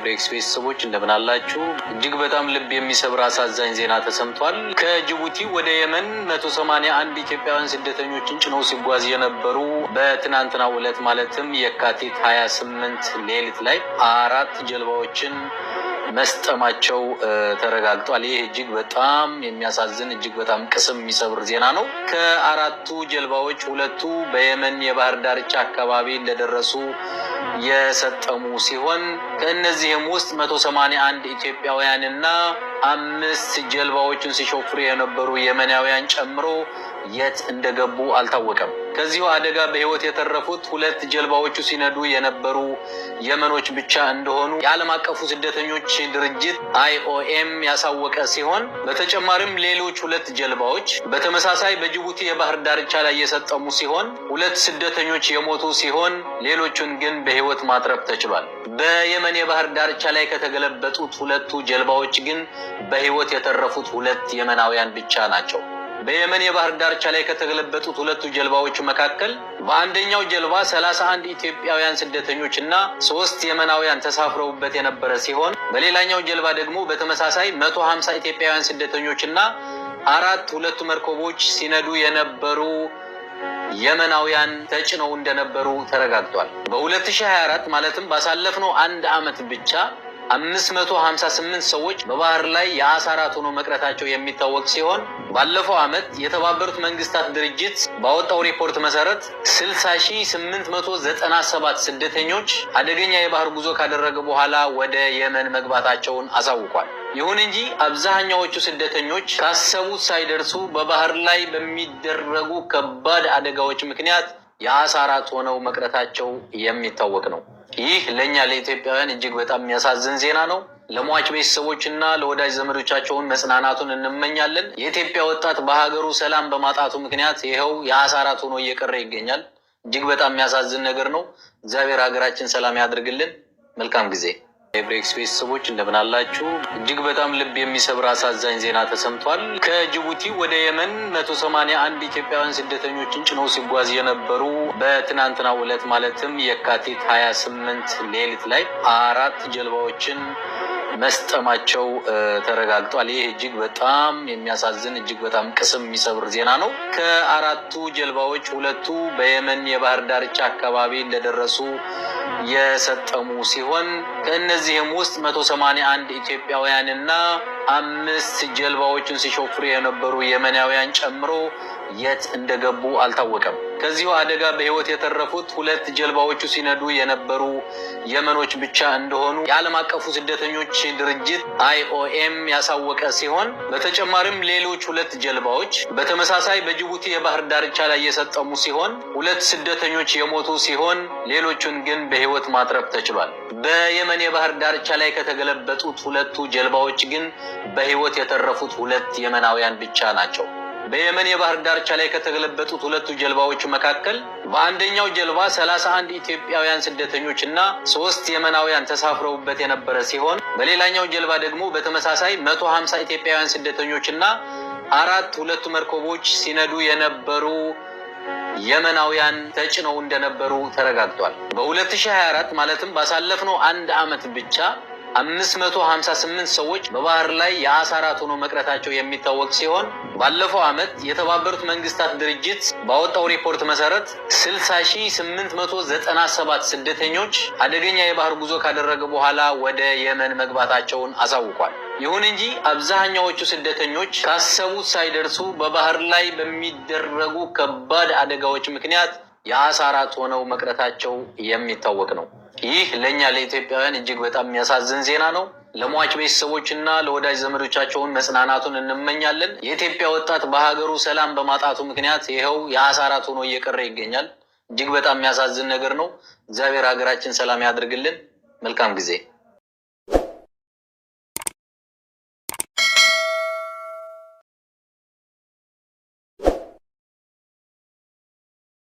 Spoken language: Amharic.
የብሬክስ ቤተሰቦች እንደምን አላችሁ? እጅግ በጣም ልብ የሚሰብር አሳዛኝ ዜና ተሰምቷል። ከጅቡቲ ወደ የመን 181 ኢትዮጵያውያን ስደተኞችን ጭነው ሲጓዝ የነበሩ በትናንትናው ዕለት ማለትም የካቲት 28 ሌሊት ላይ አራት ጀልባዎችን መስጠማቸው ተረጋግጧል። ይህ እጅግ በጣም የሚያሳዝን እጅግ በጣም ቅስም የሚሰብር ዜና ነው። ከአራቱ ጀልባዎች ሁለቱ በየመን የባህር ዳርቻ አካባቢ እንደደረሱ የሰጠሙ ሲሆን ከእነዚህም ውስጥ መቶ ሰማንያ ኢትዮጵያውያንና አምስት ጀልባዎችን ሲሾፍሩ የነበሩ የመናውያን ጨምሮ የት እንደገቡ አልታወቀም። ከዚሁ አደጋ በሕይወት የተረፉት ሁለት ጀልባዎቹ ሲነዱ የነበሩ የመኖች ብቻ እንደሆኑ የዓለም አቀፉ ስደተኞች ድርጅት አይኦኤም ያሳወቀ ሲሆን በተጨማሪም ሌሎች ሁለት ጀልባዎች በተመሳሳይ በጅቡቲ የባህር ዳርቻ ላይ የሰጠሙ ሲሆን ሁለት ስደተኞች የሞቱ ሲሆን ሌሎቹን ግን በሕይወት ማትረፍ ተችሏል። በየመን የባህር ዳርቻ ላይ ከተገለበጡት ሁለቱ ጀልባዎች ግን በሕይወት የተረፉት ሁለት የመናውያን ብቻ ናቸው። በየመን የባህር ዳርቻ ላይ ከተገለበጡት ሁለቱ ጀልባዎች መካከል በአንደኛው ጀልባ 31 ኢትዮጵያውያን ስደተኞች እና ሶስት የመናውያን ተሳፍረውበት የነበረ ሲሆን በሌላኛው ጀልባ ደግሞ በተመሳሳይ 150 ኢትዮጵያውያን ስደተኞች እና አራት ሁለቱ መርከቦች ሲነዱ የነበሩ የመናውያን ተጭነው እንደነበሩ ተረጋግጧል። በ2024 ማለትም ባሳለፍነው አንድ ዓመት ብቻ 558 ሰዎች በባህር ላይ የአሳራት ራት ሆኖ መቅረታቸው የሚታወቅ ሲሆን ባለፈው ዓመት የተባበሩት መንግስታት ድርጅት ባወጣው ሪፖርት መሰረት 60897 ስደተኞች አደገኛ የባህር ጉዞ ካደረገ በኋላ ወደ የመን መግባታቸውን አሳውቋል። ይሁን እንጂ አብዛኛዎቹ ስደተኞች ካሰቡት ሳይደርሱ በባህር ላይ በሚደረጉ ከባድ አደጋዎች ምክንያት የአሳ ራት ሆነው መቅረታቸው የሚታወቅ ነው። ይህ ለእኛ ለኢትዮጵያውያን እጅግ በጣም የሚያሳዝን ዜና ነው። ለሟች እና ለወዳጅ ዘመዶቻቸውን መጽናናቱን እንመኛለን። የኢትዮጵያ ወጣት በሀገሩ ሰላም በማጣቱ ምክንያት ይኸው የአሳራት ሆኖ እየቀረ ይገኛል። እጅግ በጣም የሚያሳዝን ነገር ነው። እግዚአብሔር ሀገራችን ሰላም ያድርግልን። መልካም ጊዜ ኤብሬክስ ቤተሰቦች እንደምን አላችሁ? እጅግ በጣም ልብ የሚሰብር አሳዛኝ ዜና ተሰምቷል። ከጅቡቲ ወደ የመን አንድ ኢትዮጵያውያን ስደተኞችን ጭኖ ሲጓዝ የነበሩ በትናንትና ዕለት ማለትም የካቲት ስምንት ሌሊት ላይ አራት ጀልባዎችን መስጠማቸው ተረጋግጧል። ይህ እጅግ በጣም የሚያሳዝን እጅግ በጣም ቅስም የሚሰብር ዜና ነው። ከአራቱ ጀልባዎች ሁለቱ በየመን የባህር ዳርቻ አካባቢ እንደደረሱ የሰጠሙ ሲሆን ከእነዚህም ውስጥ 181 ኢትዮጵያውያንና አምስት ጀልባዎችን ሲሾፍሩ የነበሩ የመናውያን ጨምሮ የት እንደገቡ አልታወቀም። ከዚሁ አደጋ በህይወት የተረፉት ሁለት ጀልባዎቹ ሲነዱ የነበሩ የመኖች ብቻ እንደሆኑ የዓለም አቀፉ ስደተኞች ድርጅት አይኦኤም ያሳወቀ ሲሆን በተጨማሪም ሌሎች ሁለት ጀልባዎች በተመሳሳይ በጅቡቲ የባህር ዳርቻ ላይ የሰጠሙ ሲሆን ሁለት ስደተኞች የሞቱ ሲሆን ሌሎቹን ግን በህይወት ማትረፍ ተችሏል። በየመን የባህር ዳርቻ ላይ ከተገለበጡት ሁለቱ ጀልባዎች ግን በህይወት የተረፉት ሁለት የመናውያን ብቻ ናቸው። በየመን የባህር ዳርቻ ላይ ከተገለበጡት ሁለቱ ጀልባዎች መካከል በአንደኛው ጀልባ 31 ኢትዮጵያውያን ስደተኞች እና ሶስት የመናውያን ተሳፍረውበት የነበረ ሲሆን በሌላኛው ጀልባ ደግሞ በተመሳሳይ 150 ኢትዮጵያውያን ስደተኞች እና አራት ሁለቱ መርከቦች ሲነዱ የነበሩ የመናውያን ተጭነው እንደነበሩ ተረጋግጧል። በ2024 ማለትም ባሳለፍነው አንድ ዓመት ብቻ አምስት መቶ ሀምሳ ስምንት ሰዎች በባህር ላይ የአሳ ራት ሆኖ መቅረታቸው የሚታወቅ ሲሆን ባለፈው ዓመት የተባበሩት መንግስታት ድርጅት ባወጣው ሪፖርት መሰረት 60897 ስደተኞች አደገኛ የባህር ጉዞ ካደረገ በኋላ ወደ የመን መግባታቸውን አሳውቋል። ይሁን እንጂ አብዛኛዎቹ ስደተኞች ካሰቡት ሳይደርሱ በባህር ላይ በሚደረጉ ከባድ አደጋዎች ምክንያት የአሳራት ሆነው መቅረታቸው የሚታወቅ ነው። ይህ ለእኛ ለኢትዮጵያውያን እጅግ በጣም የሚያሳዝን ዜና ነው። ለሟች ቤተሰቦች እና ለወዳጅ ዘመዶቻቸውን መጽናናቱን እንመኛለን። የኢትዮጵያ ወጣት በሀገሩ ሰላም በማጣቱ ምክንያት ይኸው የአሳ ራት ሆኖ እየቀረ ይገኛል። እጅግ በጣም የሚያሳዝን ነገር ነው። እግዚአብሔር ሀገራችን ሰላም ያድርግልን። መልካም ጊዜ